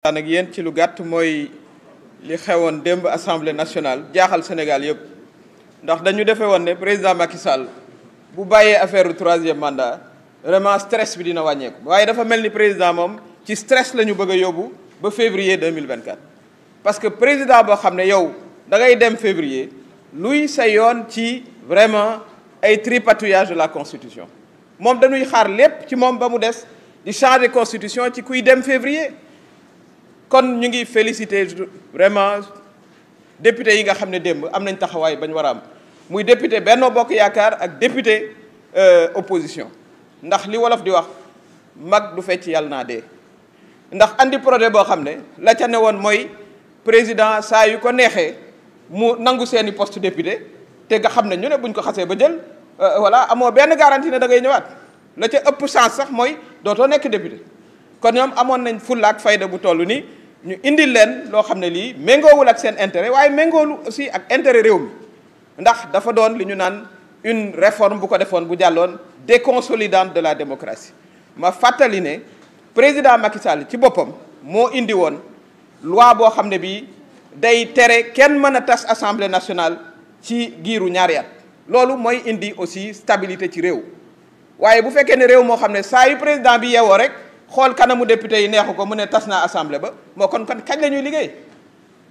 taan ak yéen ci lu gatt moy li xewon demb assemblée nationale jaaxal Sénégal yépp ndax dañu défé won né président Macky Sall bu bàyyee affaire troisième mandat vraiment stress bi dina ko waye dafa melni président mom ci stress lañu bëgg a ba février 2024 parce que président boo xamné yow da ngay dem février luy sa yoon ci vraiment ay tripatouillage de la constitution mom dañuy xaar lépp ci mom ba mu des di changer constitution ci kuy dem février kon ñu ngi féliciter vraiment député yi nga xamné demb amnañ taxaway nañ taxawaay bañ am muy député Benno Bokk Yakar, ak député euh, opposition ndax li wolof di wax mag du fecc yàlla naa dee ndax andi projet bo xamné la ca ne moy président sa yu ko nexé mu nangu seeni poste député té nga xamné ne ñu né buñ ko xassé ba jël euh, voilà amo benn garantie né da ngay ñëwaat la ca ëpp chance sax moy doto nek député kon ñom amoon nañ fulla ak fayda bu tollu ni ñu indil leen loo xam ne lii méngoowul ak seen intérêt waaye méngoolu aussi ak intérêt réew mi ndax dafa doon li ñu naan une réforme bu ko defoon bu jàlloon déconsolidante de la démocratie ma fàttali ne président Macky Sall ci boppam moo indi woon loi boo xam ne bii day tere kenn mën a tas assemblée nationale ci giiru ñaar at loolu mooy indi aussi stabilité ci réew waaye bu fekkee ne réew moo xam ne saa président bi yeewoo rek xool kanamu député yi neexu ko mu ne tas naa assemblée ba mo kon kon kañ lañuy ñuy liggéey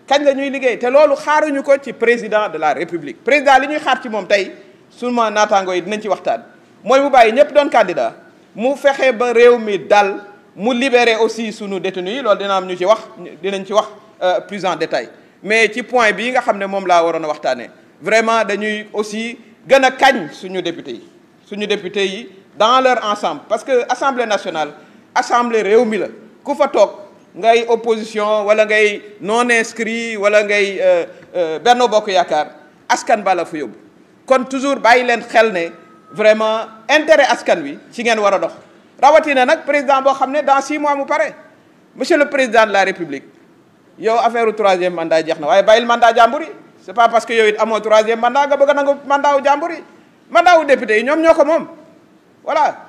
kañ lañuy ñuy liggéey te loolu xaaruñu ko ci président de la république président li ñuy xaar ci moom tey suma naataango yi dinañ ci waxtaan mooy mu bàyyi ñëpp doon candidat mu fexe ba réew mi dal mu libérer aussi sunu détenu yi loolu dina ñu ci wax dinañ ci wax euh, plus en détail mais ci point bi nga xam ne moom laa waroon a waxtaanee vraiment dañuy aussi gën a kañ suñu député yi suñu député yi dans leur ensemble parce que assemblée nationale assemblée réunie, mi la ku fa tok ngay opposition wala ngay non inscrit wala ngay euh, euh, Benno Bokk yakar askan bala la yob kon toujours bàyyi leen xel ne vraiment intérêt askan wi ci ngeen wara dox nak président bo xam dans six mois mu paré monsieur le président de la république yow affaire troisième mandat jeexna na bayil mandat jamburi c'est pas parce que yow it amoo troisième mandat ga bëgg na nga mandat wu mandat député ñom ñoko mom voilà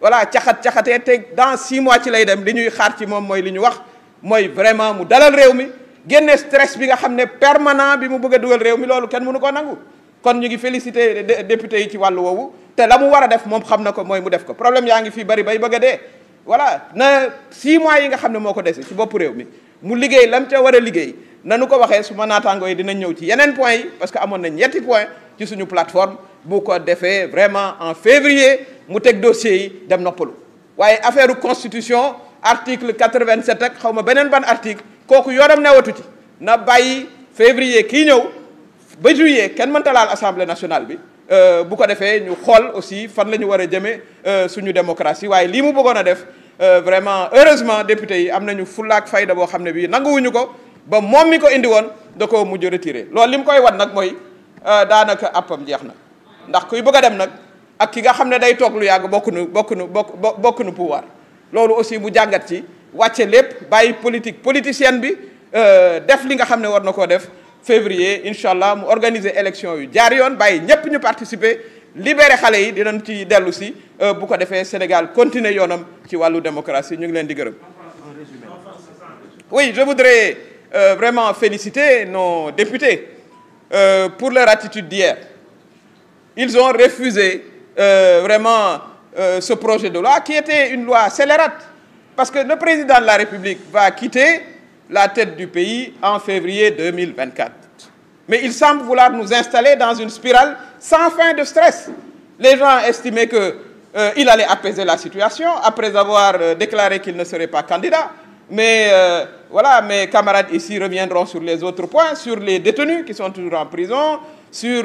voilà caxat caxatee te dans six mois ci lay dem li ñuy xaar ci moom mooy li ñu wax mooy vraiment mu dalal réew mi génne stress bi nga xam permanent bi mu bëgg a dugal réew mi loolu kenn mënu ko nangu kon ñu ngi félicité député yi ci walu woowu té lamu wara def mom xamna ko moy mu def ko problème yaa ngi fii bari bay bëgg dé voilà na 6 mois yi nga xam moko moo ci bop réew mi mu liggéey lam ca wara liggéey nanu ko waxé su ma naataangoo yi dinañ ñëw ci yenen point yi parce que amon nañ ñetti point ci suñu plateforme bu ko défé vraiment en février mu teg dossiers yi dem noppalu waaye affaire constitution article 87 ak xaw ma ban article kooku yoram newatu ci na bàyyi février kii ñëw ba juillet kenn mënta assemblée nationale bi euh, bu ko defee ñu xool aussi fan la ñu war euh, jëmee suñu démocratie waaye lii mu bëggoon a def euh, vraiment heureusement député yi am nañu fullaak fayda boo xam ne bii nanguwuñu ko ba moom mi ko indi won, da koo mujj retiré loolu li mu koy nak nag euh, da nak apam na ndax kuy bëgg a dem nak, ak ki nga xamné day lu pouvoir aussi ci politique euh, février inshallah, organiser élection yu jaar participer Sénégal continuer ci démocratie ñu ngi oui je voudrais euh, vraiment féliciter nos députés euh, pour leur attitude d'hier ils ont refusé euh, vraiment euh, ce projet de loi, qui était une loi scélérate. Parce que le président de la République va quitter la tête du pays en février 2024. Mais il semble vouloir nous installer dans une spirale sans fin de stress. Les gens estimaient qu'il euh, il allait apaiser la situation après avoir déclaré qu'il ne serait pas candidat. Mais voilà, mes camarades ici reviendront sur les autres points, sur les détenus qui sont toujours en prison, sur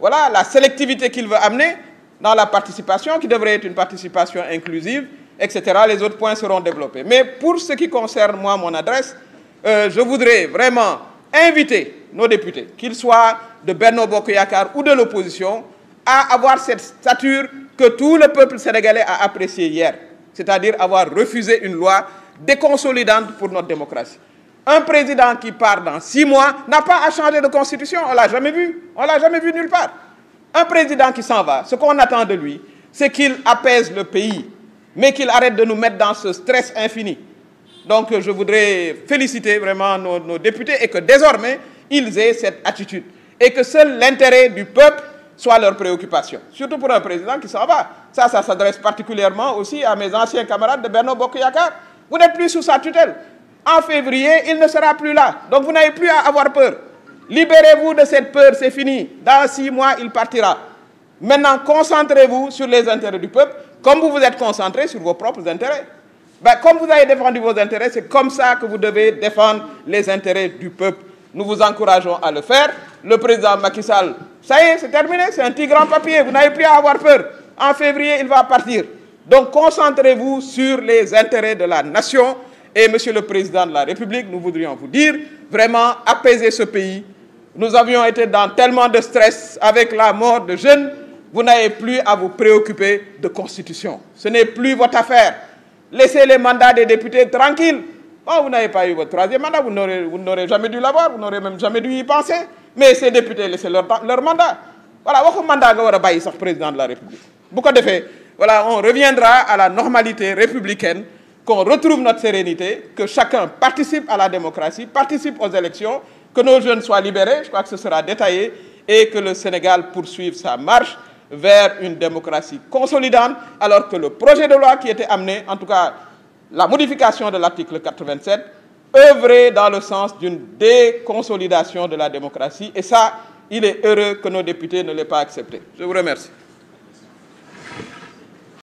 voilà, la sélectivité qu'il veut amener dans la participation qui devrait être une participation inclusive, etc. Les autres points seront développés. Mais pour ce qui concerne moi, mon adresse, euh, je voudrais vraiment inviter nos députés, qu'ils soient de Bernard Bokoyakar ou de l'opposition, à avoir cette stature que tout le peuple sénégalais a appréciée hier, c'est-à-dire avoir refusé une loi déconsolidante pour notre démocratie. Un président qui part dans six mois n'a pas à changer de constitution, on l'a jamais vu, on l'a jamais vu nulle part. Un président qui s'en va, ce qu'on attend de lui, c'est qu'il apaise le pays, mais qu'il arrête de nous mettre dans ce stress infini. Donc je voudrais féliciter vraiment nos, députés et que désormais, ils aient cette attitude. Et que seul l'intérêt du peuple soit leur préoccupation. Surtout pour un président qui s'en va. Ça, ça s'adresse particulièrement aussi à mes anciens camarades de Bernard Bokuyakar. Vous n'êtes plus sous sa tutelle. En février, il ne sera plus là. Donc vous n'avez plus à avoir peur. Libérez-vous de cette peur, c'est fini. Dans six mois, il partira. Maintenant, concentrez-vous sur les intérêts du peuple, comme vous vous êtes concentré sur vos propres intérêts. Ben, comme vous avez défendu vos intérêts, c'est comme ça que vous devez défendre les intérêts du peuple. Nous vous encourageons à le faire. Le président Macky Sall, ça y est, c'est terminé, c'est un petit grand papier, vous n'avez plus à avoir peur. En février, il va partir. Donc concentrez-vous sur les intérêts de la nation. Et Monsieur le Président de la République, nous voudrions vous dire, vraiment, apaiser ce pays, nous avions été dans tellement de stress avec la mort de jeunes, vous n'avez plus à vous préoccuper de constitution. Ce n'est plus votre affaire. Laissez les mandats des députés tranquilles. Oh, vous n'avez pas eu votre troisième mandat, vous n'aurez jamais dû l'avoir, vous n'aurez même jamais dû y penser. Mais ces députés, laissez leur, mandat. Voilà, votre mandat le président de la République. Beaucoup de Voilà, on reviendra à la normalité républicaine, qu'on retrouve notre sérénité, que chacun participe à la démocratie, participe aux élections, que nos jeunes soient libérés, je crois que ce sera détaillé, et que le Sénégal poursuive sa marche vers une démocratie consolidante, alors que le projet de loi qui était amené, en tout cas la modification de l'article 87, œuvrait dans le sens d'une déconsolidation de la démocratie. Et ça, il est heureux que nos députés ne l'aient pas accepté. Je vous remercie.